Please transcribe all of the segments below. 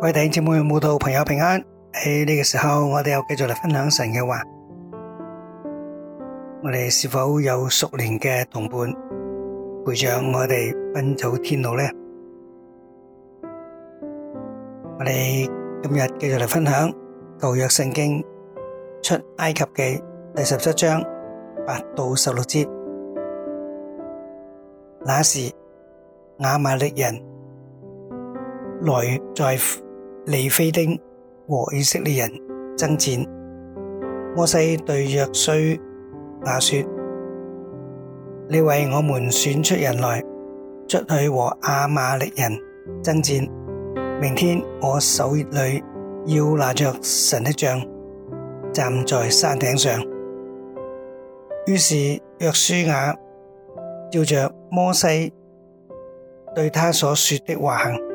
各位，弟兄姊妹，慕道朋友平安。喺呢個時候，我哋又繼續嚟分享神嘅話。我哋是否有熟練嘅同伴陪著我哋奔走天路呢？我哋今日繼續嚟分享舊約聖經出埃及記第十七章八到十六節。那時亞瑪力人來在，利非丁和以色列人爭戰，摩西對約書亞說：你為我們選出人來，出去和亞瑪力人爭戰。明天我手裡要拿着神的杖站在山頂上。於是約書亞照着摩西對他所說的話行。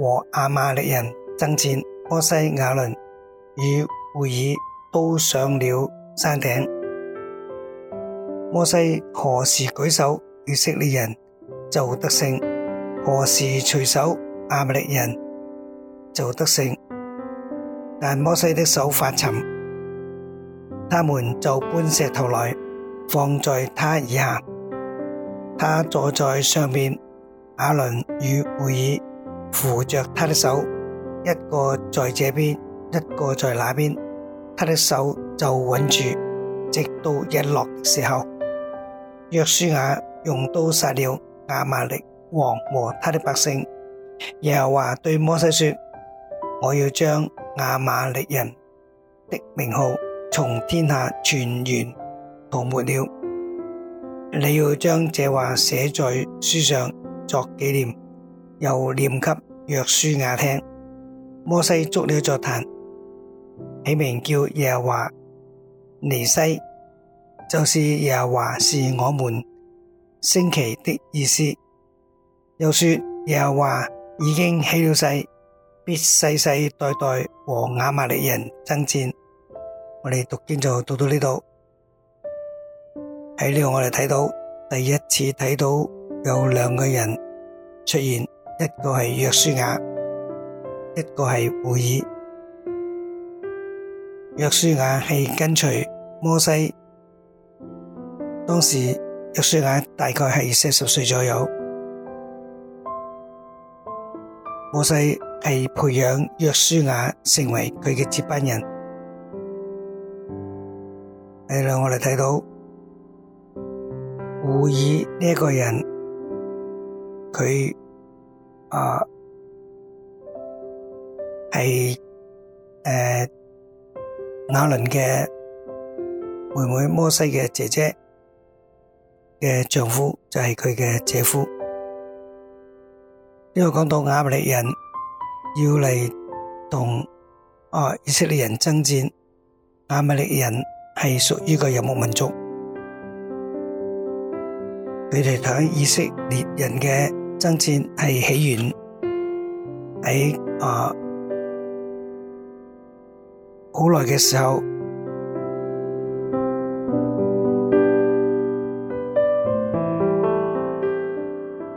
和亞瑪力人爭戰，摩西、亞倫與戶珥都上了山頂。摩西何時舉手，以色列人就得勝；何時垂手，亞瑪力人就得勝。但摩西的手發沉，他們就搬石頭來放在他以下，他坐在上面。亞倫與戶珥。扶着他的手，一個在這邊，一個在那邊，他的手就穩住，直到日落的時候。約書亞用刀殺了亞瑪力王和他的百姓，耶和華對摩西說：我要將亞瑪力人的名號從天下全然塗抹了，你要將這話寫在書上作紀念。又念給約書亞聽，摩西捉了作壇，起名叫耶華尼西，就是耶華是我們升旗的意思。又說耶華已經起了誓，必世世代代和亞瑪利人爭戰。我哋讀經就讀到呢度，喺呢度我哋睇到第一次睇到有兩個人出現。一個係約書亞，一個係胡爾。約書亞係跟隨摩西，當時約書亞大概係四十歲左右。摩西係培養約書亞成為佢嘅接班人。誒，我哋睇到胡爾呢一個人，佢。啊，係誒亞倫嘅妹妹摩西嘅姐姐嘅丈夫，就係佢嘅姐夫。因為講到亞瑪力人要嚟同啊以色列人爭戰，亞瑪力人係屬於個游牧民族，佢哋喺以色列人嘅。爭戰係起源喺啊好耐嘅時候，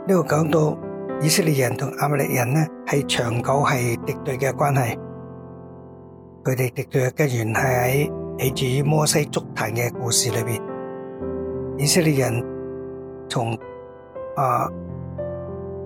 呢度講到以色列人同亞伯力人咧，係長久係敵對嘅關係。佢哋敵對嘅根源係喺起自於摩西捉逃嘅故事裏邊。以色列人從啊。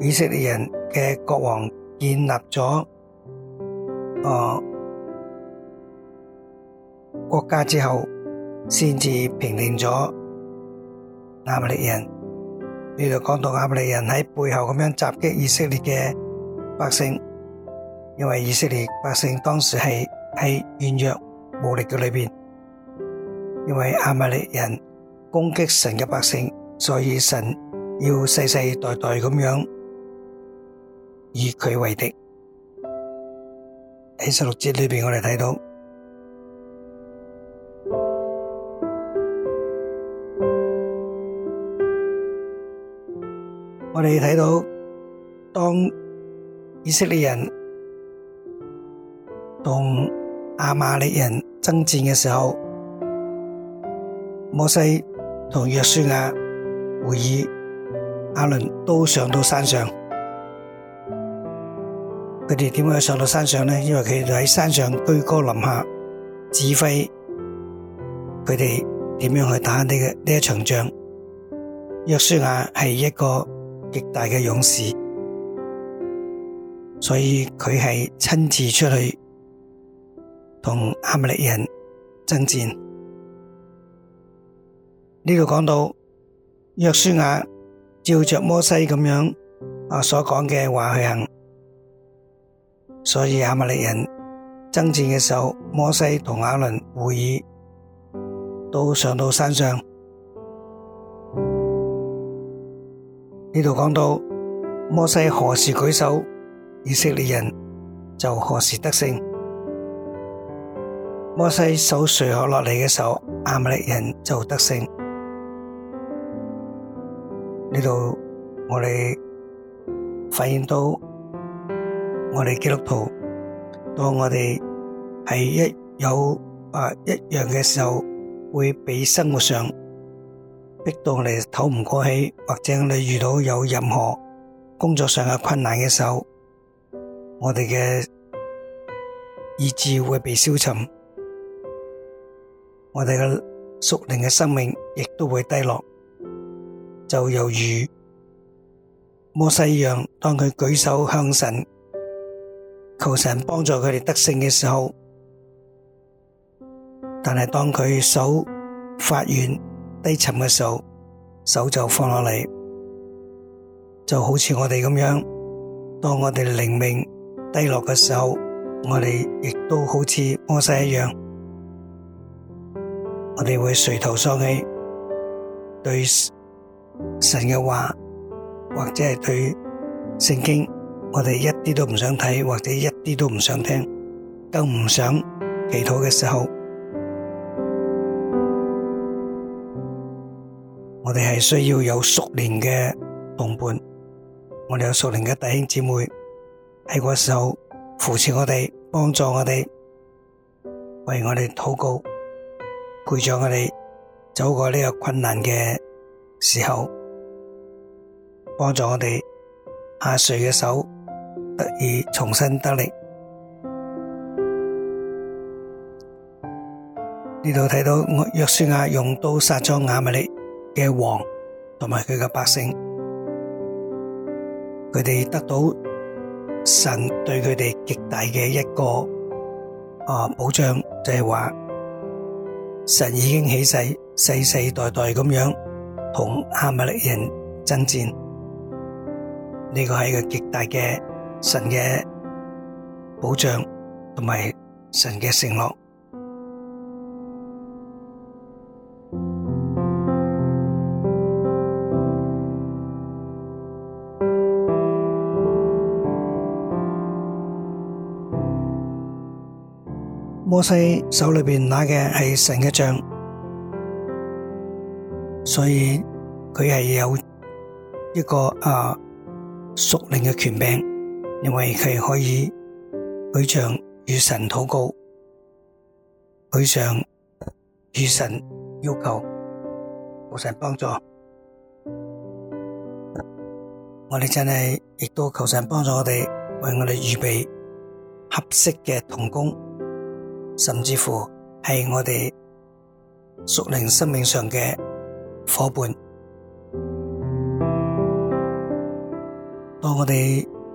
以色列人嘅國王建立咗誒國家之後，先至平定咗亞瑪力人。呢度講到亞瑪力人喺背後咁樣襲擊以色列嘅百姓，因為以色列百姓當時係係軟弱無力嘅裏邊，因為亞瑪力人攻擊神嘅百姓，所以神要世世代代咁樣。以佢為敵。喺十六節裏邊，我哋睇到，我哋睇到，當以色列人同亞瑪力人爭戰嘅時候，摩西同約書亞、會以、亞倫都上到山上。佢哋點解上到山上咧？因為佢哋喺山上居高臨下指揮佢哋點樣去打呢嘅呢一場仗。約書亞係一個極大嘅勇士，所以佢係親自出去同亞瑪力人爭戰。呢度講到約書亞照着摩西咁樣啊所講嘅話去行。所以亞瑪力人爭戰嘅時候，摩西同亞倫、戶珥都上到山上。呢度講到摩西何時舉手，以色列人就何時得勝；摩西手垂下落嚟嘅時候，亞瑪力人就得勝。呢度我哋發現到。我哋基督徒，當我哋係一有啊一樣嘅時候，會俾生活上逼到我哋唞唔過氣，或者你遇到有任何工作上嘅困難嘅時候，我哋嘅意志會被消沉，我哋嘅屬靈嘅生命亦都會低落，就猶如摩西一樣，當佢舉手向神。求神幫助佢哋得勝嘅時候，但係當佢手發軟、低沉嘅時候，手就放落嚟，就好似我哋咁樣。當我哋靈命低落嘅時候，我哋亦都好似摩西一樣，我哋會垂頭喪氣，對神嘅話或者係對聖經。我哋一啲都唔想睇，或者一啲都唔想聽，都唔想祈禱嘅時候，我哋係需要有熟練嘅同伴，我哋有熟練嘅弟兄姊妹喺嗰時候扶持我哋，幫助我哋，為我哋禱告，陪住我哋走過呢個困難嘅時候，幫助我哋下垂嘅手。而重新得力。呢度睇到約書亞用刀殺咗亞瑪力嘅王同埋佢嘅百姓，佢哋得到神對佢哋極大嘅一個啊保障，就係、是、話神已經起誓世，世世代代咁樣同亞瑪力人爭戰。呢、這個係一個極大嘅。神嘅保障同埋神嘅承諾，摩西手裏邊拿嘅係神嘅杖，所以佢係有一個啊屬靈嘅權柄。因為佢可以去向與神禱告，去向與神要求，求神幫助。我哋真係亦都求神幫助我哋，為我哋預備合適嘅同工，甚至乎係我哋屬靈生命上嘅夥伴。當我哋。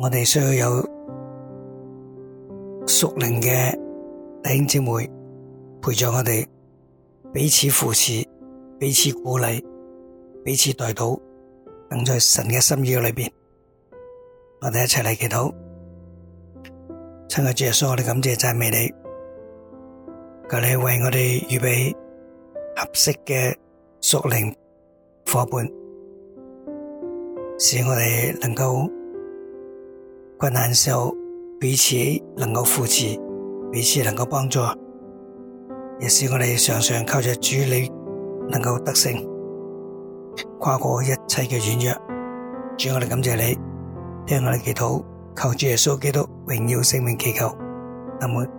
我哋需要有屬靈嘅弟兄姊妹陪住我哋，彼此扶持、彼此鼓勵、彼此代禱，等在神嘅心意裏邊。我哋一齊嚟祈禱，親愛嘅主耶穌，我哋感謝讚美你，求你為我哋預備合適嘅屬靈夥伴，使我哋能夠。困難嘅時候，彼此能夠扶持，彼此能夠幫助，也是我哋常常靠着主你能夠得勝，跨過一切嘅軟弱。主我哋感謝你，聽我哋祈禱，求主耶穌基督榮耀聖名祈求。阿門。